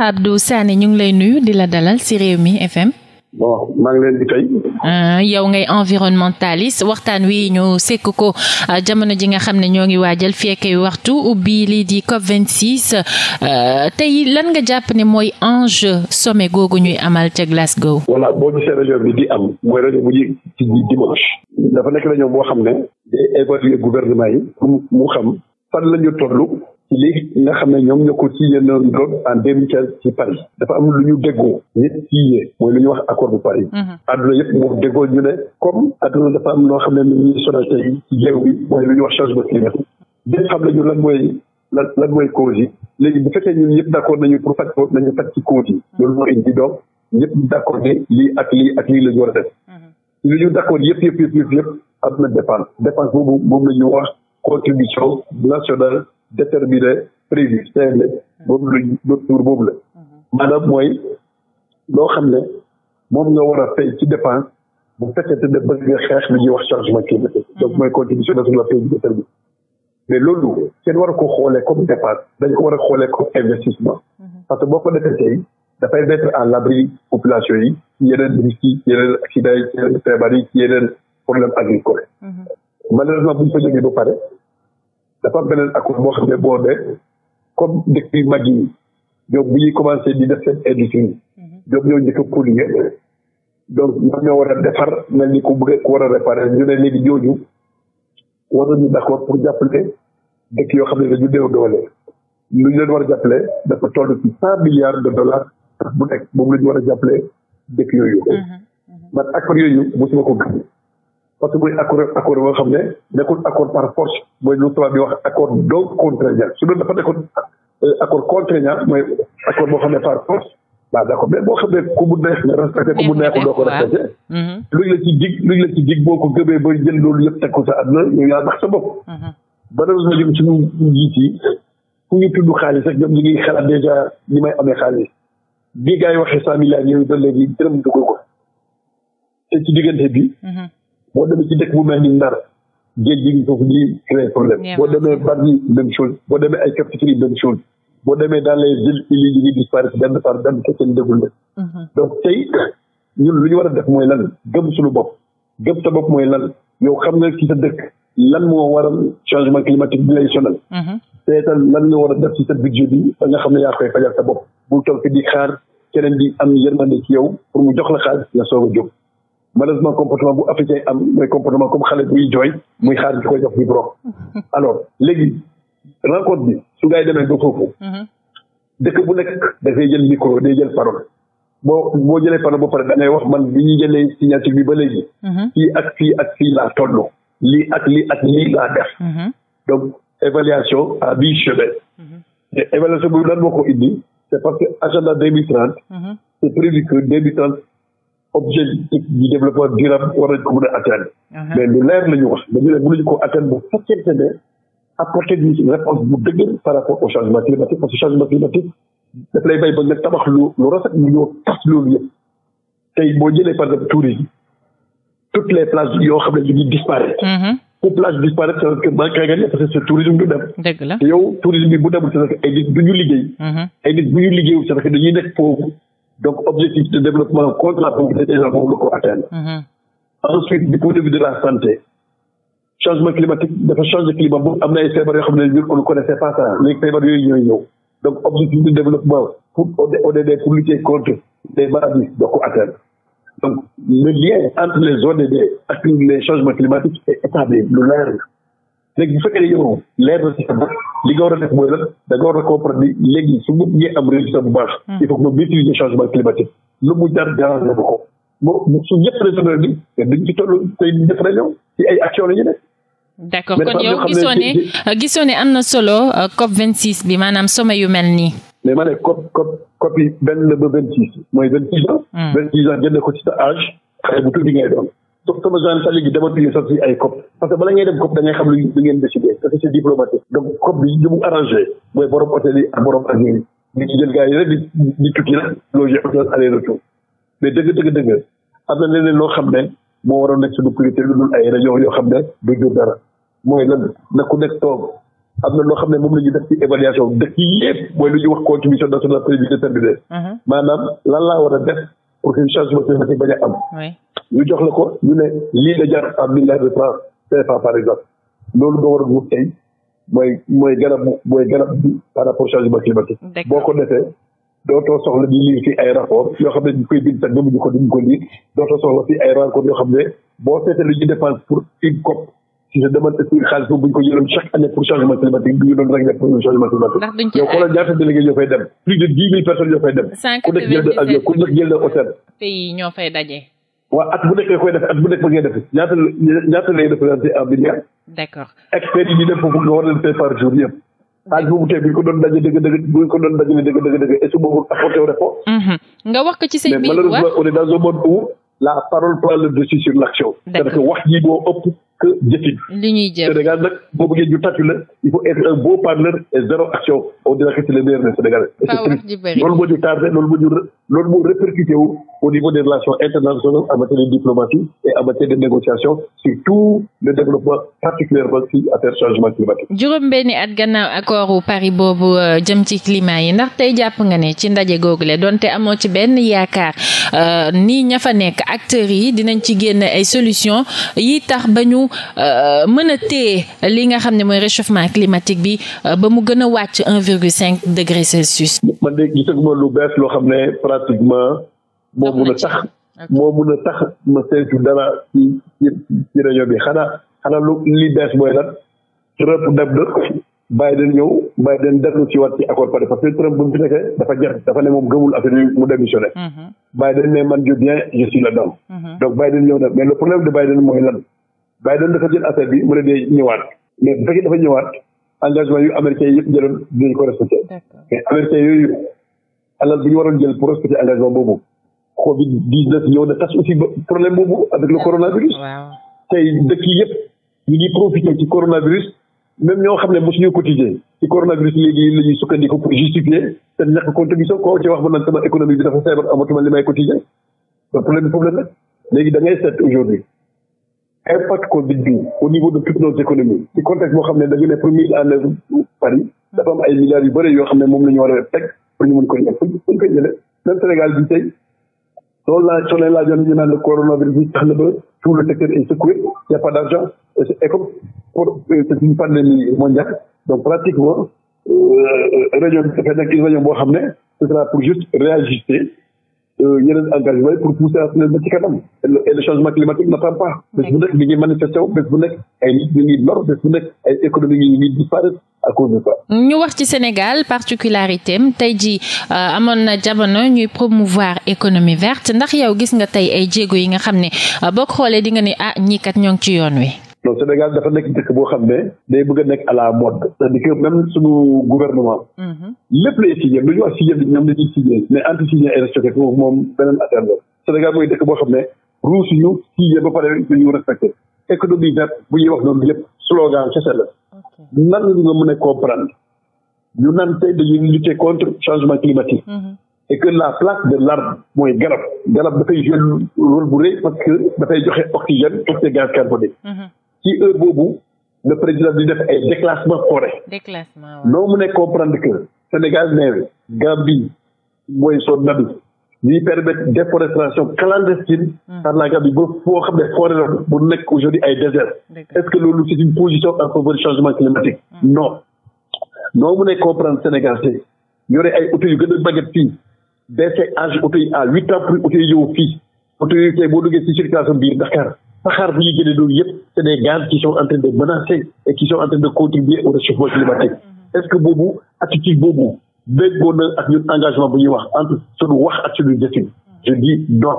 Abdou Sané ñu ngi lay nuyu di la dalal ci Rewmi FM. bon maa ngi leen di tey. Euh, yow ngay environnementaliste waxtaan wi ñu sekk ko euh, jamono ji nga xam ne ñoo ngi waajal fekkee waxtu ubbi lii di COP 26 euh, tey lan nga jàpp ne mooy enjeu sommet googu ñuy amal ca Glasgow. voilà boo gisee réunion bi di am mooy réunion bu ñuy dimanche. dafa nekk réunion boo xam ne. day évaluer gouvernement yi. mu xam fan la ñu ci léegi nga xam ne ñoom ñoo ko noonu doon en 2015 ci Paris dafa am lu ñu déggoo ñëpp signé mooy lu ñu wax accord bu Paris mhm. adduna yëpp moo déggoo ñu ne comme adduna dafa am noo xam ne ni ñuy sonal tey ci jéew bi mooy lu ko nañu faj ci cause yi loolu moo indi donc ñëpp d' accord ne lii ak lii ak lii ñu war a def mhm. li ñu d' accord yëpp yëpp yëpp yëpp yëpp am na dépense dépense boobu moom la wax contribution nationale déterminé prévu CRD boobu la docteur boobu la maanaam mooy loo xam ne moom nga war a fay ci dépense bu fekkente ne ba nga xeex li ñuy wax changement climatique mm-hmm. donc mooy contribution de la pays déterminé loolu kenn war a ko xoolee comme dépense dañ ko war a xoolee comme investissement mm-hmm. parce que boo ko defee tey dafay mettre à l'abri population yi ci yeneen risques yi yeneen accident yi ci yeneen feebar yi ci yeneen problème agricole mm-hmm. malheureusement bu fa jógee ba pare dafa am beneen accord boo xam ne boo dee comme dëkk yu mag yi ñoom bu ñuy commencé di def seen industrie mhm. ñoom ñoo njëkk a polluer donc ñoom ñoo war a defar mel ni ku bëgg ku war ñu ne léegi ñooñu war nañu d'accord pour jàppale dëkk yoo xam ne ñu néew doole lu ñu leen war a jàppale dafa toll ci cent milliards de dollars bu nekk moom la ñu war a jàppale dëkk yooyu mhm. Mhm. man accord yooyu mosuma ko gis parce que mooy accord accord yoo xam ne nekkul accord par force mooy lu tubaab di wax accord non contraignant su doon dafa nekkoon euh, accord contraignant mooy accord boo xam ne par force waaw d' accord mais boo xam ne ku mu neex nga respecté doo ko respecté mm-hmm. lu ñu la ci dig lu ñu ci dig boo ko gëmee ba jël loolu yëpp teg ko sa àdduna yow yaa nax sa bopp malheureusement mm-hmm. ñun suñu njiit yi fu ñu tudd xaalis rek ñoom ñu ngi xalaat dèjà ñi may amee xaalis bi gaa yi waxee cent milliards yooyu ba léegi dërëm dugg ko te ci diggante bi mm-hmm. boo demee ci dëkk bu mel ni Ndar géej gi foofu ñuy créé problème boo demee Bargny même chose boo demee ay Cap-Skirring chose boo demee dans les villes îles yi ñuy disparaître benn par benn te seen dégul mhm. tey ñun lu ñu a def mooy lan gëm suñu bopp gëm sa bopp mooy lan yow xam nga ci sa dëkk lan moo waral changement climatique bi lay sonal mhm. seetal lan nga war a def ci sa budget bi ba nga xam ne yaa koy fajal sa bopp bul toog fi di xaar keneen di am yërmande ci yow pour mu jox la xaalis nga soog a malheureusement comportement bu africain am mooy comportement comme xale buy jooy muy xaar ñu jox bi borom alors léegi rencontre bi su ngay demee ba foofu mhm. dëkk bu nekk dafay jël micro day jël parole boo boo jëlee parole ba pare da ngay wax man bi ñuy jëlee signature bi ba léegi mhm. fii ak fii ak fii laa toll lii ak lii ak lii laa def mhm. donc évaluation à mi-chemin évaluation boobu lan moo ko indi c'est parce que agenda deux mille trente c'est prévu deux mille trente objectif du développement durable war nañ ko bu a atteindre. Uh-huh. mais lu leer la ñu wax dañu ne mënuñu ko atteindre bu fekkente ne apporter une réponse bu dëgër par rapport au changement climatique parce que bay ba nga tabax lu lu rafet lu ñoo tas loolu yëpp tey boo jëlee par exemple tourisme toutes les plages yoo xam ne ñu ngi disparaître. Uh-huh. pour plage disparaître parce que manque à gagner parce que tourisme du dem. te yow tourisme bi bu demul c'est-à-dire du ñu liggéey. Uh-huh. ay nit bu ñu liggéeyul c'est-à-dire dañuy nekk foofu. donc objectif de développement contre la pauvreté déjà moom ko ensuite du point de vue de la santé. changement climatique dafa changer climat boobu am na ay feebar yoo xam ne ñun on connaissait pas ça léegi feebar yooyu ñooy ñëw donc objectif de développement pour ODD pour lutter contre les maladies doo ko atteindre donc le lien entre les ODD ak les changements climatiques est établi lu leer la léegi bu fekkee yow leer na li nga war a def mooy lan da nga war a comprendre ni léegi su bëggee am résultat bu baax. Hmm. il faut que ñu maîtriser changement climatique. lu mu jar jar na ko. moo su ñëpp raisonné bi te dañ ci toll tey def réunion ci ay action la ñu def. d'accord kon yow gisoo euh, euh, bi maanaam sommet mel nii. ma ne COP COP COP benn ba 26 mooy 26 ans. 26 hmm. ans jënd ko ci sa âge xale bu tuuti ngay doon. comme sama genre salle ay COP parce que bala ngay dem COP da xam lu lu ngeen décidé parce que COP bi ñu mu mooy borom hôtel yi ak borom avion yi ñu ci na leneen loo xam ne moo waroon nekk suñu priorité lu dul ay région yoo xam ne du jur dara mooy lan na nekk toog am na loo xam ne moom la ñu def ci évaluation dëkk yëpp mooy lu ñu wax contribution nationale prévue déterminée mhm. maanaam lan laa war a def pour que changement climatique bañ a am. ñu jox la ko ñu ne lii la jar en milliards de francs CFA par exemple loolu nga war a tey mooy mooy garab bu mooy garab bi par rapport changement climatique. boo ko defee dootoo soxla di lire fii ay rapport yoo xam ne ñu koy bind sax gëmuñu ko duñu ko lire dootoo soxla fii ay rencontre yoo xam ne boo seetee lu ñu dépense pour une COP. si je demande est xaalis boobu ñu ko yoroon chaque année pour changement climatique bi ñu doon régler pour changement climatique. ndax duñ dem. plus de dix mille personnes ñoo fay dem. ku nekk jël na avion ñoo fay daje. waaw at bu nekk koy def at bu nekk ba ngay def ñaata ñaata lay représenté en milliard. d'accord experts yi ñu foofu nga war leen fay par jour yëpp. xaalis boobu tey ko doon daje dëgg bu ñu ko doon dajale dëgg dëgg dëgg est-ce mhm. nga wax ko ci seen biir wax que jëfin. li ñuy jëf Sénégal nag boo bëggee ñu tàccu la il faut être un beau parleur et zéro action on dirait que c'est le meilleur des Sénégalais. faaw wax ji bëri loolu moo ñu tardé loolu moo moo répercuté au niveau des relations internationales en matière de diplomatie et en matière de négociation surtout le développement particulièrement ci affaire changement climatique. juróom-benni at gannaaw accordu Paris boobu euh, jëm ci climat yi ndax tey jàpp nga ne ci ndaje googule donte amoo ci benn yaakaar euh, ni ña fa nekk acteurs yi dinañ ci génn ay solutions yi tax Euh, mën a téye li nga xam ne mooy réchauffement climatique bi euh, ba mu gën a wàcc un virgule cinq degré Celsius. man de gisaguma lu bees loo xam ne pratiquement moo mun a tax moo mun a tax ma séntu dara ci ci rajo bi xanaa xanaa lu li bees mooy lan Trump dab na Biden ñëw Biden dellu ci wat ci accord Paris parce que Trump bu mu fi nekkee dafa jar dafa ne moom gëmul affaire yi mu démissionné. Mhm. Biden ne man je bien je suis là-dedans. Mhm. donc Biden ñëw na mais le problème de Biden mooy bàyyi doon dafa jël affaire bi mu ne dee ñëwaat mais bu fekkee dafa ñëwaat engagement yu américain yëpp jëloon dinañ ko respecté mais yooyu alal bu ñu waroon jël pour boobu covid dix neuf ñëw na tas aussi problème boobu avec le ah, coronavirus tey dëkk yëpp ñu ngi profité ci coronavirus même ñoo xam ne mosuñu cotiser ci coronavirus léegi la ñuy sukkandiku pour justifier seen ñàkk contribution ko ci wax ba naan sama économie bi dafa li may cotiser ba léegi da ngay seet aujourd'hui impact Covid bi au niveau de toutes boo xam ne dañu ne pour mise Paris dafa ay milliards yu bëri yoo xam ne moom la ñu war a teg pour ñu mën ko ñëw pour ñu koy jëlee même Sénégal bi tey loolu la soo leen laajoon ñu naan le coronavirus bi tax na ba tout le secteur est secoué y' a pas d' argent et comme pour euh, c'est une pandémie mondiale donc pratiquement région bi région boo xam ne ce sera pour juste réajuster Euh, yeneen engagement yi pour pousser askan ba ci kanam et le changement climatique n'attend pas bés bu nekk ñu ngi manifesté wu bés bu nekk ay ñu lor bés bu nekk ay économie ñu ngi disparaître à cause de ñu wax ci Sénégal particularité am tey jii euh, amoon na jamono ñuy promouvoir économie verte ndax yow gis nga tey ay jéego yi nga xam ne euh, boo xoolee di nga ne ah ñii kat ñoo ngi ci yoon wi non Sénégal dafa nekk dëkk boo xam ne day bëgg a nekk à la mode cest à suñu gouvernement mhm. lépp lay signé lu ñu wax signé ñoom la ñuy mais anti signé ay respecté foofu moom beneen affaire la Sénégal mooy dëkk boo xam ne ruus ñu signé ba pare dañu respecté économie verte bu ñuy wax noonu lépp slogan kese la nan nga mën a comprendre ñu naan tey dañuy lutter contre changement climatique mhm. et que la place de l'arbre mooy garab garab dafay jouer bu rëy parce que dafay joxe oxygène ci heure boobu le président di def ay déclassement forêt. déclassement waaw noo mu ne comprendre que Sénégal nee Gambie mooy son nabi ñuy permettre déforestation clandestine hmm. par la Gambie ba foo xam ne forêt la bu nekk aujourd'hui ay désert. est-ce que loolu c'est une position en faveur du changement climatique. Hmm. Hmm. non noo ne comprendre Sénégal te yore ay oto yu gën a màgget fii baissé âge oto yi à huit ans pour oto yi ñëw fii oto yi tey boo duggee ci biir Dakar. saxaar bu ñu jëlee loolu yëpp c'est des gaz qui sont en train de menacer et qui sont en train de contribuer au réchauffement mm-hmm. boobu attitude boobu déggoo na ak ñun engagement bu ñuy wax entre suñu wax ak suñu jëfin mm-hmm. dis donc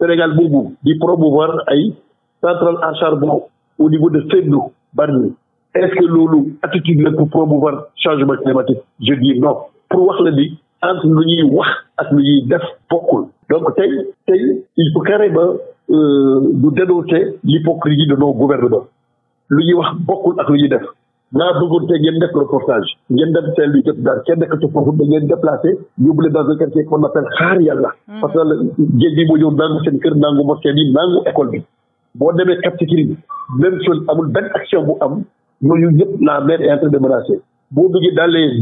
Sénégal boobu di promouvoir ay centrale à charbon au niveau de Sendou Bargny est-ce que loolu attitude la pour promouvoir changement climatique je dis non pour wax la ni entre lu ñuy wax ak def bokkul donc tey tey il faut carrément Euh, du dénoncer l'hypocrisie de nos lu ñuy wax bokkul ak lu ñuy def naa bëggoon te ngeen nekk reportage ngeen dem seen luy jot daal kenn nekkatu foofu da ngeen déplacé yóbbu leen dans un xaar yàlla hmm. parce que géej bi moo ñëw nangu seen kër nangu mosquée bi nangu école bi boo demee Cap Skirring même chose amul benn action bu am ñooñu ñëpp la mer est de menacer boo duggee dans les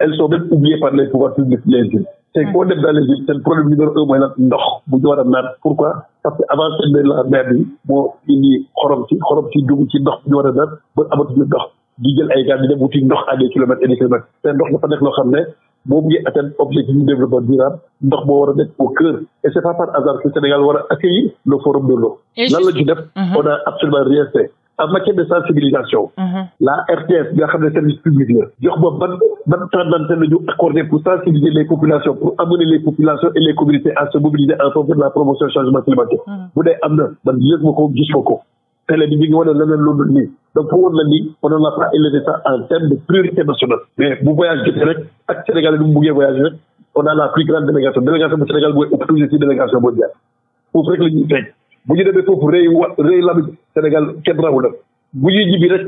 elles sont même oubliées par les pouvoirs publics les villes tey koo dem dans les villes seen problème numéro un mooy lan ndox bu ñu a naan pourquoi parce que avant seen la mer bi moo indi xorom ci ndox bu ñu war a ndox di jël ay gaal di dem wuti ndox à des et des kilomètres te ndox dafa nekk loo xam ne moom ngi atteindre objectif du développement ndox moo war a nekk au cœur et c'est pas par hasard que Sénégal war a accueillir forum de l'eau lan la ci def mhm. on en matière de sensibilisation. Mm-hmm. la RTS bi nga xam ne service public la. jox ba ban ban temps d'antenne la ñu accordé pour sensibiliser les populations pour amener les populations et les communautés à se mobiliser en faveur la promotion du changement climatique. Mm-hmm. bu am na man yëg ma ko gis ma ko. télé bi mi ngi wane leneen loolu nii donc pour la nii on n'a pas élevé ça en termes de priorité nationale. mais bu voyage jotee ak Sénégal bi mu voyage rek Sénégal kenn rawulam bu ñuy ñibbi rek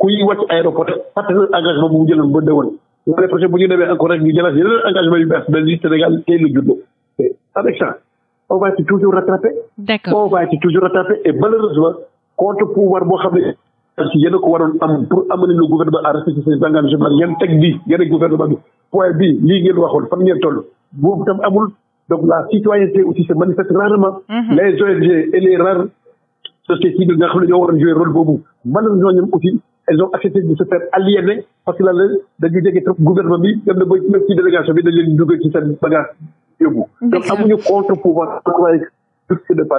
kuy wàcc aéroport fàttali engagement bu mu jëloon ba déwén l'année prochaine bu encore rek ñu jëlaat yeneen engagement yu bees mel ni Sénégal tey la avec ça on va toujours rattrapé on va être toujours rattrapé pouvoir boo xam ne ci yéen a waroon am pour amener le gouvernement à respecter ses engagements ngeen teg bii ngeen gouvernement bi point bii waxoon fan ngeen toll boobu tam amul donc la citoyenneté aussi se manifeste société civile nga xam ne ñoo war a jouer rôle boobu malheureusement ñoom aussi elles ont accepté de se faire aliéner parce que lan la dañu jege trop gouvernement bi dem na ba même ci délégation bi dañ leen dugal ci seen bagage yóbbu donc amuñu contre pouvoir tout ce uh-huh.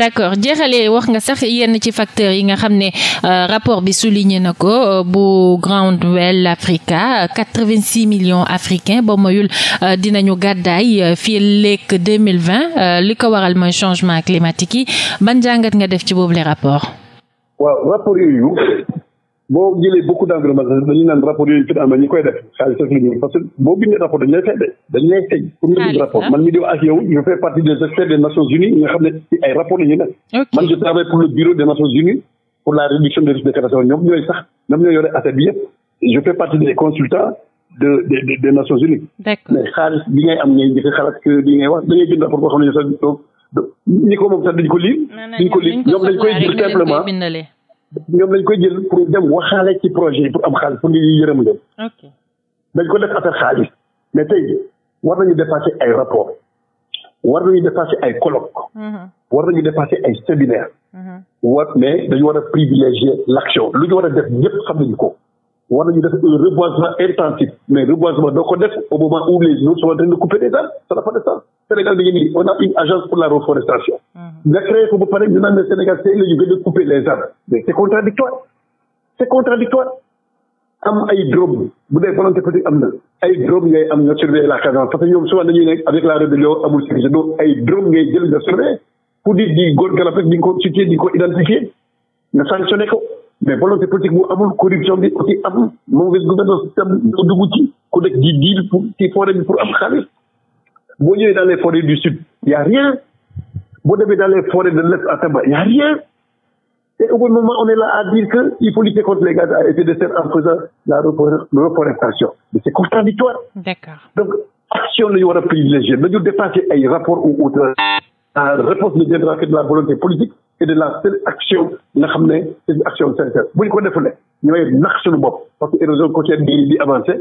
accord jeexalee wax nga sax yenn ci facteurs yi nga xam ne euh, rapport bi souligné na ko euh, bu Groundwell Africa quatre vingt six millions africains ba moyul euh, dinañu gàddaay fii lek deux mille vingt li ko waral mooy changement climatique yi ban jàngat nga def ci boobu les rapport boo jëlee beaucoup d'environnementalistes dañuy naan rapport yooyu kat am na ñu koy def xaalis rek la ñu parce de nga bind Nations Unies yi nga xam ne ay rapport la ñu nekk man je travaille pour le bureau des Nations Unies pour la réduction des risques de ñoom ñooy sax ñoom ñooy yore affaire bi je fais partie des consultants de Nations Unies mais xaalis bi am ngay xalaat que wax da ngay rapport boo xam ne ñoo sax ñi ko moom sax ko lire dañ ko lire koy jël simplement ñoom dañ koy jël pour dem waxaale ci projet yi pour am xaalis pour ñu yërëm leen. ok dañ ko def affaire xaalis mais tey war nañu dépasser ay rapport war nañu dépasser ay colloque. Mm-hmm. war nañu dépasser ay séminaire mm-hmm. war mais dañu war a privilégier l' action lu ñu war a def ñëpp xam nañ ko. war nañu def un reboisement intensif mais reboisement doo ko def au moment les autres sont en train de couper des arbres ça n'a nii on a une agence pour la reforestation mm-hmm. nga créé ko ba pare ñu naan ne Sénégal c'est la ñu gën a couper les ay drôme bu dee volonté na ay am nga surveiller la cadence parce que ñoom souvent dañuy nekk avec la rébellion amul sécurité donc ay drôme ngay jël pour di di góor di nga ko situé di nga ko identifier nga sanctionné ko mais volonté politique bu amul corruption bi aussi amul mauvaise gouvernance système doo dugg ci ku nekk di diil pour ci forêt bi pour am xaalis boo ñëwee dans les forêts du sud y a rien boo demee dans les forêts de l'est à Tamba y a rien et au même moment on est là à dire que il faut lutter contre les gaz à effet de serre en faisant la reforestation mais c'est contradictoire d'accord donc action la ñu war a privilégier nañu dépasser ay rapport ou autre la réponse ne viendra que de la volonté politique et de la seule action nga xam ne c'est une action sincère bu ñu ko defulee ñooy nax suñu bopp parce que érosion côtière bi di avancé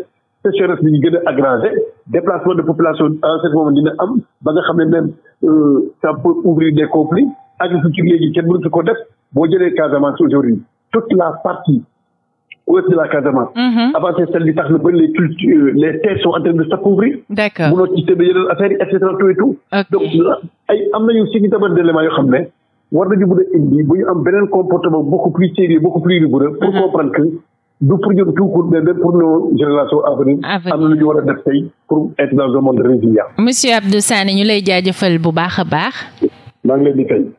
sécheresse bi ñu gën a aggravé déplacement de population en ce dina am ba nga xam ne même euh, ça peut ouvrir des conflits agriculture léegi kenn mënatu ko def boo jëlee Casamance aujourd'hui toute la partie ouest de la Casamance. Mm-hmm. avancé sel bi tax na ba les d'accord munoo ci tëb yeneen affaire yi et cetera tout et tout. donc ay am yoo xam ne. war nañu mën a indi bu ñu am beneen comportement bokk plus sérieux beaucoup plus rigoureux pour mhm. comprendre que du pour ñun tout court pour nos générations à am na lu ñu war a def tey pour être dans un monde résilient. monsieur Abdou Sané ñu lay jaajëfal bu baax a baax. maa ngi leen di fay.